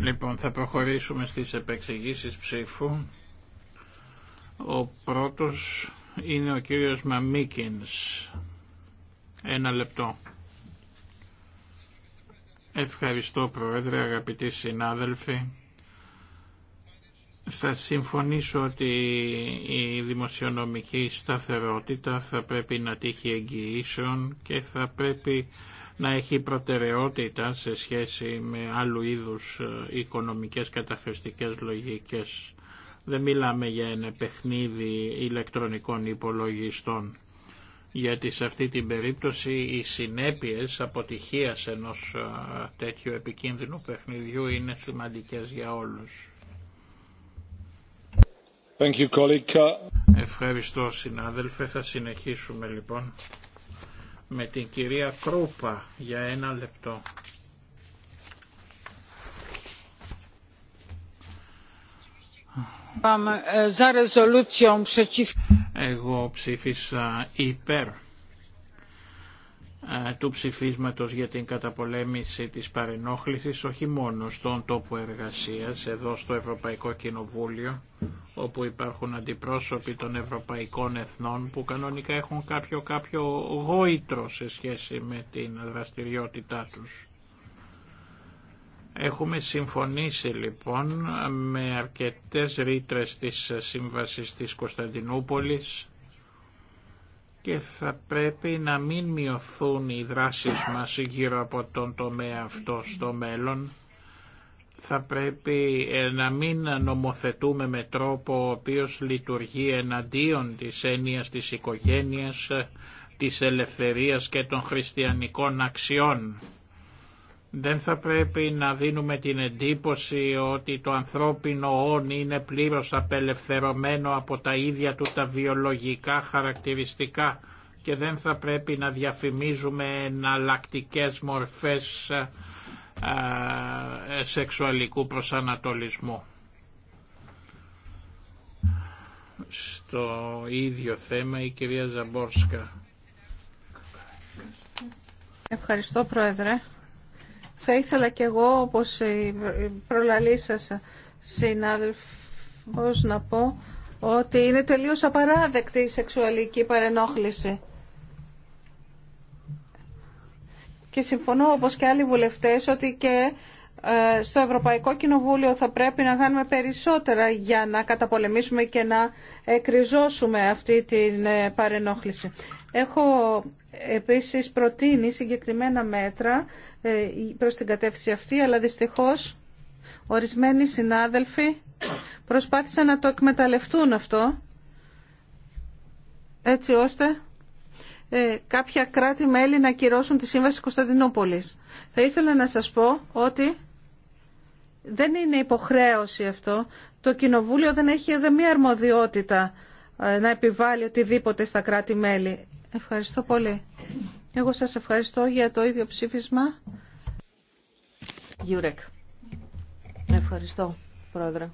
Λοιπόν, θα προχωρήσουμε στις επεξηγήσεις ψήφου. Ο πρώτος είναι ο κύριος Μαμίκινς. Ένα λεπτό. Ευχαριστώ Πρόεδρε, αγαπητοί συνάδελφοι. Θα συμφωνήσω ότι η δημοσιονομική σταθερότητα θα πρέπει να τύχει εγγυήσεων και θα πρέπει να έχει προτεραιότητα σε σχέση με άλλου είδους ε, οικονομικές καταχρηστικές λογικές. Δεν μιλάμε για ένα παιχνίδι ηλεκτρονικών υπολογιστών, γιατί σε αυτή την περίπτωση οι συνέπειες αποτυχίας ενός ε, τέτοιου επικίνδυνου παιχνιδιού είναι σημαντικές για όλους. Thank you, Ευχαριστώ συνάδελφε. Θα συνεχίσουμε λοιπόν με την κυρία Κρούπα για ένα λεπτό. Ε, Εγώ ψήφισα υπέρ του ψηφίσματος για την καταπολέμηση της παρενόχλησης όχι μόνο στον τόπο εργασίας εδώ στο Ευρωπαϊκό Κοινοβούλιο όπου υπάρχουν αντιπρόσωποι των Ευρωπαϊκών Εθνών που κανονικά έχουν κάποιο, κάποιο γόητρο σε σχέση με την δραστηριότητά τους. Έχουμε συμφωνήσει λοιπόν με αρκετές ρήτρες της Σύμβασης της Κωνσταντινούπολης και θα πρέπει να μην μειωθούν οι δράσεις μας γύρω από τον τομέα αυτό στο μέλλον. Θα πρέπει ε, να μην νομοθετούμε με τρόπο ο οποίος λειτουργεί εναντίον της έννοιας της οικογένειας, της ελευθερίας και των χριστιανικών αξιών. Δεν θα πρέπει να δίνουμε την εντύπωση ότι το ανθρώπινο όν είναι πλήρως απελευθερωμένο από τα ίδια του τα βιολογικά χαρακτηριστικά και δεν θα πρέπει να διαφημίζουμε εναλλακτικέ μορφές ε, ε, σεξουαλικού προσανατολισμού. Στο ίδιο θέμα η κυρία Ζαμπόρσκα. Ευχαριστώ Πρόεδρε. Θα ήθελα κι εγώ, όπως προλαλή σας συνάδελφος, να πω ότι είναι τελείως απαράδεκτη η σεξουαλική παρενόχληση. Και συμφωνώ, όπως και άλλοι βουλευτές, ότι και ε, στο Ευρωπαϊκό Κοινοβούλιο θα πρέπει να κάνουμε περισσότερα για να καταπολεμήσουμε και να εκριζώσουμε αυτή την ε, παρενόχληση. Έχω ε, επίσης προτείνει συγκεκριμένα μέτρα προς την κατεύθυνση αυτή, αλλά δυστυχώς ορισμένοι συνάδελφοι προσπάθησαν να το εκμεταλλευτούν αυτό, έτσι ώστε κάποια κράτη-μέλη να κυρώσουν τη Σύμβαση Κωνσταντινούπολης. Θα ήθελα να σας πω ότι δεν είναι υποχρέωση αυτό. Το Κοινοβούλιο δεν έχει μία αρμοδιότητα ε, να επιβάλλει οτιδήποτε στα κράτη-μέλη. Ευχαριστώ πολύ. Εγώ σας ευχαριστώ για το ίδιο ψήφισμα. Γιουρέκ. Ευχαριστώ, Πρόεδρε.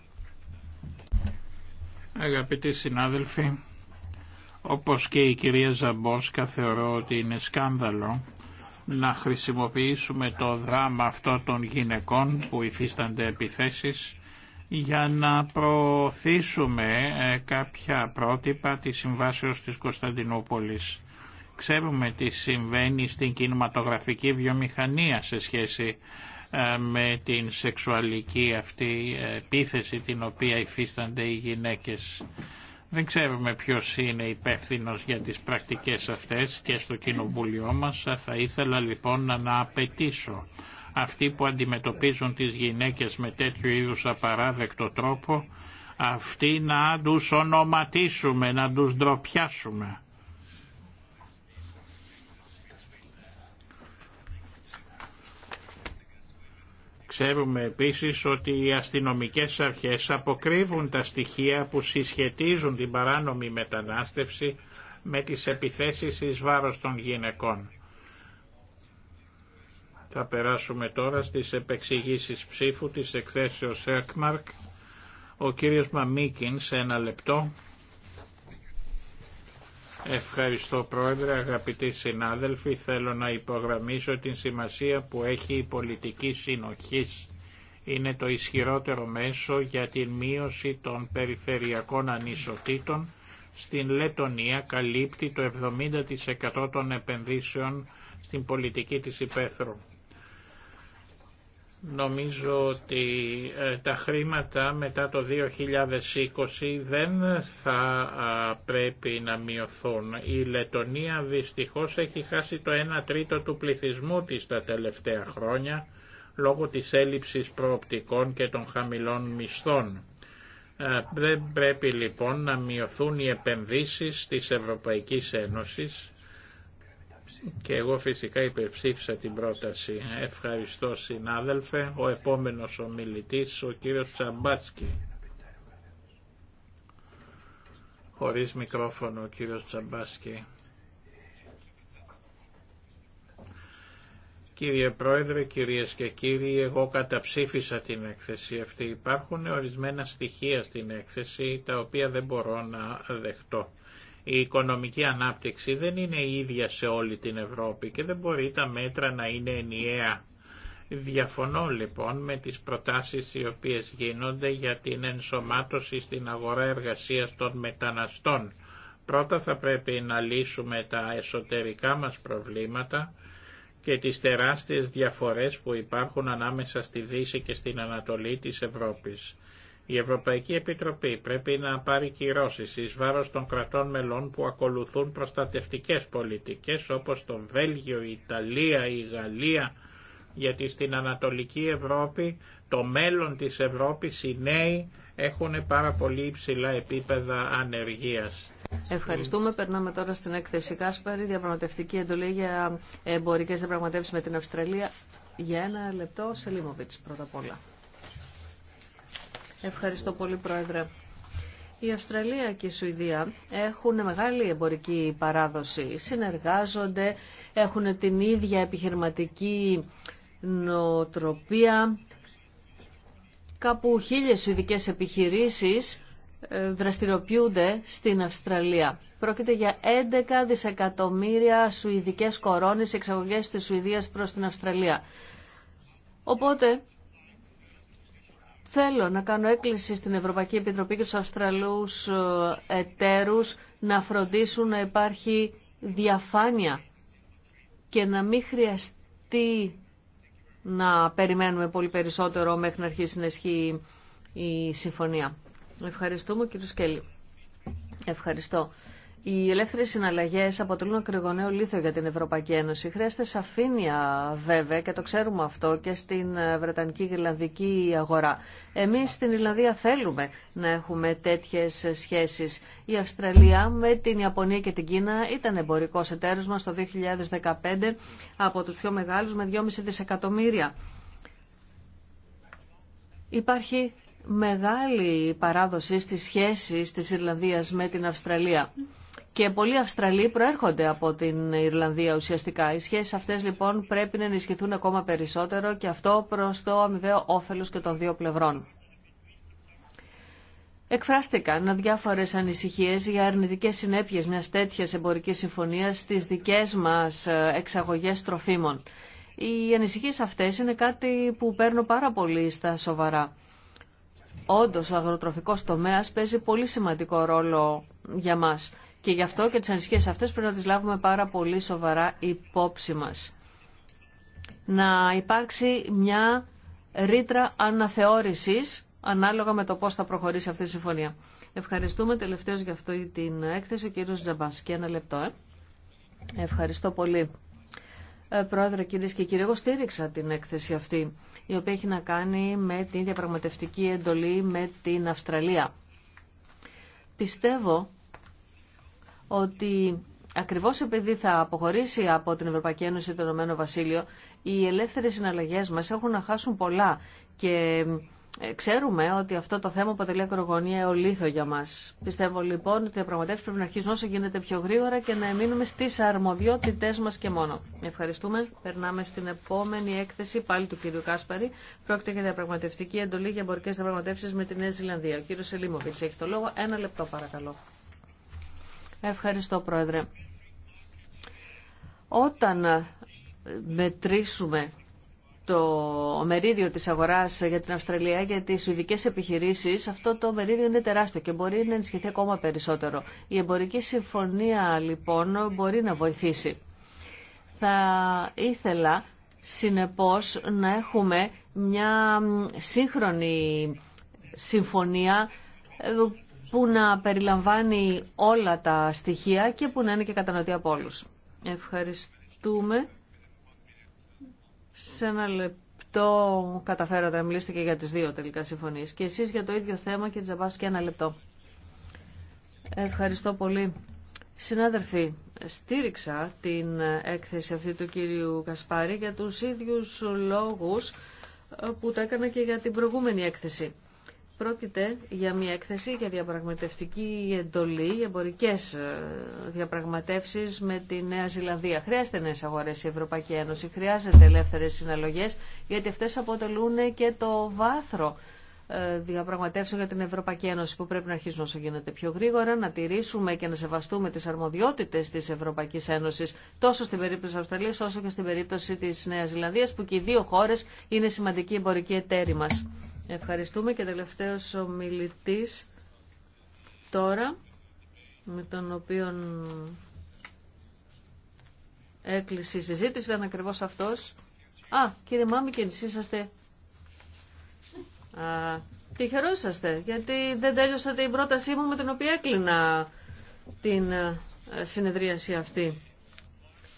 Αγαπητοί συνάδελφοι, όπως και η κυρία Ζαμπόσκα θεωρώ ότι είναι σκάνδαλο να χρησιμοποιήσουμε το δράμα αυτό των γυναικών που υφίστανται επιθέσεις για να προωθήσουμε ε, κάποια πρότυπα της συμβάσεως της Κωνσταντινούπολης. Ξέρουμε τι συμβαίνει στην κινηματογραφική βιομηχανία σε σχέση ε, με την σεξουαλική αυτή ε, επίθεση την οποία υφίστανται οι γυναίκες. Δεν ξέρουμε ποιος είναι υπεύθυνο για τις πρακτικές αυτές και στο κοινοβούλιο μας θα ήθελα λοιπόν να απαιτήσω αυτοί που αντιμετωπίζουν τις γυναίκες με τέτοιο είδους απαράδεκτο τρόπο αυτοί να τους ονοματίσουμε, να τους ντροπιάσουμε. Ξέρουμε επίσης ότι οι αστυνομικές αρχές αποκρύβουν τα στοιχεία που συσχετίζουν την παράνομη μετανάστευση με τις επιθέσεις εις βάρος των γυναικών. Θα περάσουμε τώρα στις επεξηγήσεις ψήφου της εκθέσεως ΕΚΜΑΡΚ. Ο κύριος Μαμίκιν σε ένα λεπτό. Ευχαριστώ Πρόεδρε, αγαπητοί συνάδελφοι. Θέλω να υπογραμμίσω την σημασία που έχει η πολιτική συνοχής. Είναι το ισχυρότερο μέσο για την μείωση των περιφερειακών ανισοτήτων. Στην Λετωνία καλύπτει το 70% των επενδύσεων στην πολιτική της υπαίθρου. Νομίζω ότι ε, τα χρήματα μετά το 2020 δεν θα πρέπει να μειωθούν. Η Λετωνία δυστυχώς έχει χάσει το 1 τρίτο του πληθυσμού της τα τελευταία χρόνια λόγω της έλλειψης προοπτικών και των χαμηλών μισθών. Ε, δεν πρέπει λοιπόν να μειωθούν οι επενδύσεις της Ευρωπαϊκής Ένωσης και εγώ φυσικά υπερψήφισα την πρόταση. Ευχαριστώ συνάδελφε. Ο επόμενος ομιλητής, ο κύριος Τσαμπάτσκι. Χωρίς μικρόφωνο ο κύριος Τσαμπάτσκι. Κύριε Πρόεδρε, κυρίες και κύριοι, εγώ καταψήφισα την έκθεση αυτή. Υπάρχουν ορισμένα στοιχεία στην έκθεση τα οποία δεν μπορώ να δεχτώ. Η οικονομική ανάπτυξη δεν είναι ίδια σε όλη την Ευρώπη και δεν μπορεί τα μέτρα να είναι ενιαία. Διαφωνώ λοιπόν με τις προτάσεις οι οποίες γίνονται για την ενσωμάτωση στην αγορά εργασίας των μεταναστών. Πρώτα θα πρέπει να λύσουμε τα εσωτερικά μας προβλήματα και τις τεράστιες διαφορές που υπάρχουν ανάμεσα στη Δύση και στην Ανατολή της Ευρώπης. Η Ευρωπαϊκή Επιτροπή πρέπει να πάρει κυρώσει ει βάρο των κρατών μελών που ακολουθούν προστατευτικέ πολιτικέ, όπω το Βέλγιο, η Ιταλία, η Γαλλία, γιατί στην Ανατολική Ευρώπη το μέλλον της Ευρώπης οι νέοι έχουν πάρα πολύ υψηλά επίπεδα ανεργίας. Ευχαριστούμε. Περνάμε τώρα στην έκθεση Κάσπαρη, διαπραγματευτική εντολή για εμπορικές διαπραγματεύσεις με την Αυστραλία. Για ένα λεπτό, Σελίμοβιτς πρώτα απ' όλα. Ευχαριστώ πολύ, Πρόεδρε. Η Αυστραλία και η Σουηδία έχουν μεγάλη εμπορική παράδοση. Συνεργάζονται, έχουν την ίδια επιχειρηματική νοοτροπία. Κάπου χίλιες σουηδικές επιχειρήσεις ε, δραστηριοποιούνται στην Αυστραλία. Πρόκειται για 11 δισεκατομμύρια σουηδικές κορώνες εξαγωγές της Σουηδίας προς την Αυστραλία. Οπότε Θέλω να κάνω έκκληση στην Ευρωπαϊκή Επιτροπή και στους Αυστραλούς ε, εταίρους να φροντίσουν να υπάρχει διαφάνεια και να μην χρειαστεί να περιμένουμε πολύ περισσότερο μέχρι να αρχίσει να ισχύει η συμφωνία. Ευχαριστούμε κύριο Σκέλη. Ευχαριστώ. Οι ελεύθερε συναλλαγέ αποτελούν ακρηγονέο λίθο για την Ευρωπαϊκή Ένωση. Χρειάζεται σαφήνεια βέβαια και το ξέρουμε αυτό και στην ε, Βρετανική και Ιρλανδική αγορά. Εμεί στην Ιρλανδία θέλουμε να έχουμε τέτοιε σχέσει. Η Αυστραλία με την Ιαπωνία και την Κίνα ήταν εμπορικό εταίρο μα το 2015 από του πιο μεγάλου με 2,5 δισεκατομμύρια. Υπάρχει μεγάλη παράδοση στις σχέσεις της Ιρλανδίας με την Αυστραλία και πολλοί Αυστραλοί προέρχονται από την Ιρλανδία ουσιαστικά. Οι σχέσει αυτές λοιπόν πρέπει να ενισχυθούν ακόμα περισσότερο και αυτό προ το αμοιβαίο όφελο και των δύο πλευρών. Εκφράστηκαν διάφορε ανησυχίε για αρνητικέ συνέπειες μια τέτοια εμπορική συμφωνία στι δικέ μας ε, εξαγωγέ τροφίμων. Οι ανησυχίε αυτές είναι κάτι που παίρνω πάρα πολύ στα σοβαρά. Όντω ο αγροτροφικός τομέας παίζει πολύ σημαντικό ρόλο για μα. Και γι' αυτό και τις ανησυχίες αυτές πρέπει να τις λάβουμε πάρα πολύ σοβαρά υπόψη μας. Να υπάρξει μια ρήτρα αναθεώρησης ανάλογα με το πώς θα προχωρήσει αυτή η συμφωνία. Ευχαριστούμε τελευταίως για αυτό την έκθεση ο κύριος Και Ένα λεπτό. Ε. Ευχαριστώ πολύ. Ε, πρόεδρε, κυρίε και κύριοι, εγώ στήριξα την έκθεση αυτή, η οποία έχει να κάνει με την διαπραγματευτική εντολή με την Αυστραλία. Πιστεύω ότι ακριβώ επειδή θα αποχωρήσει από την Ευρωπαϊκή Ένωση το Ηνωμένο Βασίλειο, οι ελεύθερε συναλλαγές μα έχουν να χάσουν πολλά και ε, ξέρουμε ότι αυτό το θέμα αποτελεί ακρογωνία ολίθο για μα. Πιστεύω λοιπόν ότι οι διαπραγματεύσει πρέπει να αρχίσουν όσο γίνεται πιο γρήγορα και να εμείνουμε στι αρμοδιότητε μα και μόνο. Ευχαριστούμε. Περνάμε στην επόμενη έκθεση πάλι του κυρίου Κάσπαρη. Πρόκειται για διαπραγματευτική εντολή για εμπορικέ διαπραγματεύσει με τη Νέα Ζηλανδία. Ο κύριο Σελίμοβιτ έχει το λόγο. Ένα λεπτό παρακαλώ. Ευχαριστώ, Πρόεδρε. Όταν μετρήσουμε το μερίδιο της αγοράς για την Αυστραλία, για τις ειδικές επιχειρήσεις, αυτό το μερίδιο είναι τεράστιο και μπορεί να ενισχυθεί ακόμα περισσότερο. Η εμπορική συμφωνία, λοιπόν, μπορεί να βοηθήσει. Θα ήθελα, συνεπώς, να έχουμε μια σύγχρονη συμφωνία που να περιλαμβάνει όλα τα στοιχεία και που να είναι και κατανοητή από όλους. Ευχαριστούμε. Σε ένα λεπτό καταφέρατε να μιλήσετε και για τις δύο τελικά συμφωνίες. Και εσείς για το ίδιο θέμα και και ένα λεπτό. Ευχαριστώ πολύ. Συνάδελφοι, στήριξα την έκθεση αυτή του κύριου Κασπάρη για τους ίδιους λόγους που τα έκανα και για την προηγούμενη έκθεση. Πρόκειται για μια έκθεση για διαπραγματευτική εντολή, εμπορικέ ε, διαπραγματεύσει με τη Νέα Ζηλανδία. Χρειάζεται νέε αγορέ η Ευρωπαϊκή Ένωση, χρειάζεται ελεύθερε συναλλογέ, γιατί αυτέ αποτελούν και το βάθρο ε, διαπραγματεύσεων για την Ευρωπαϊκή Ένωση που πρέπει να αρχίσουν όσο γίνεται πιο γρήγορα, να τηρήσουμε και να σεβαστούμε τι αρμοδιότητε τη Ευρωπαϊκή Ένωση τόσο στην περίπτωση της Αυστραλία όσο και στην περίπτωση τη Νέα Ζηλανδία που και οι δύο χώρε είναι σημαντικοί εμπορικοί εταίροι μα. Ευχαριστούμε και τελευταίος ο μιλητής τώρα, με τον οποίο έκλεισε η συζήτηση, ήταν ακριβώς αυτός. Α, κύριε και εσείς είσαστε... Α, τυχερός είσαστε, γιατί δεν τέλειωσατε η πρότασή μου με την οποία έκλεινα την ε, συνεδρίαση αυτή.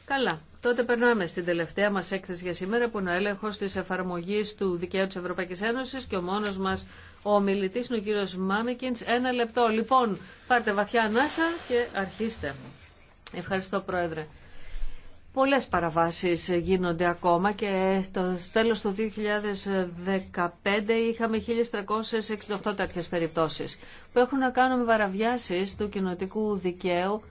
Καλά. Τότε περνάμε στην τελευταία μας έκθεση για σήμερα που είναι ο έλεγχος της εφαρμογής του δικαίου της Ευρωπαϊκής Ένωσης και ο μόνος μας ο ομιλητής είναι ο κύριος Μάμικιντς. Ένα λεπτό. Λοιπόν, πάρτε βαθιά ανάσα και αρχίστε. Ευχαριστώ Πρόεδρε. Πολλές παραβάσεις γίνονται ακόμα και το τέλος του 2015 είχαμε 1.368 τέτοιες περιπτώσεις που έχουν να κάνουν με παραβιάσεις του κοινοτικού δικαίου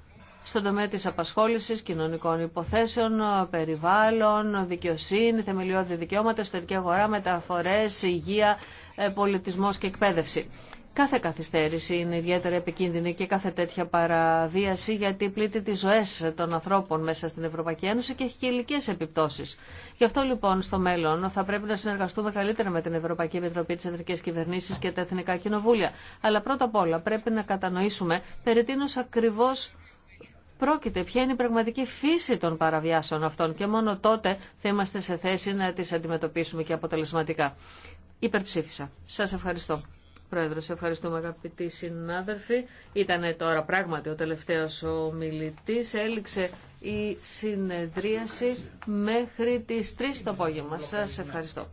στον τομέα της απασχόλησης, κοινωνικών υποθέσεων, περιβάλλον, δικαιοσύνη, θεμελιώδη δικαιώματα, εσωτερική αγορά, μεταφορές, υγεία, ε, πολιτισμός και εκπαίδευση. Κάθε καθυστέρηση είναι ιδιαίτερα επικίνδυνη και κάθε τέτοια παραβίαση γιατί πλήττει τις ζωές των ανθρώπων μέσα στην Ευρωπαϊκή Ένωση και έχει και ηλικέ επιπτώσεις. Γι' αυτό λοιπόν στο μέλλον θα πρέπει να συνεργαστούμε καλύτερα με την Ευρωπαϊκή Επιτροπή, τις Εθνικές Κυβερνήσεις και τα Εθνικά Κοινοβούλια. Αλλά πρώτα απ' όλα πρέπει να κατανοήσουμε περί τίνος ακριβώς πρόκειται, ποια είναι η πραγματική φύση των παραβιάσεων αυτών και μόνο τότε θα είμαστε σε θέση να τις αντιμετωπίσουμε και αποτελεσματικά. Υπερψήφισα. Σας ευχαριστώ. Πρόεδρο, σε ευχαριστούμε αγαπητοί συνάδελφοι. Ήταν τώρα πράγματι ο τελευταίος ο μιλητής. Έληξε η συνεδρίαση μέχρι τις 3 το απόγευμα. Σας ευχαριστώ.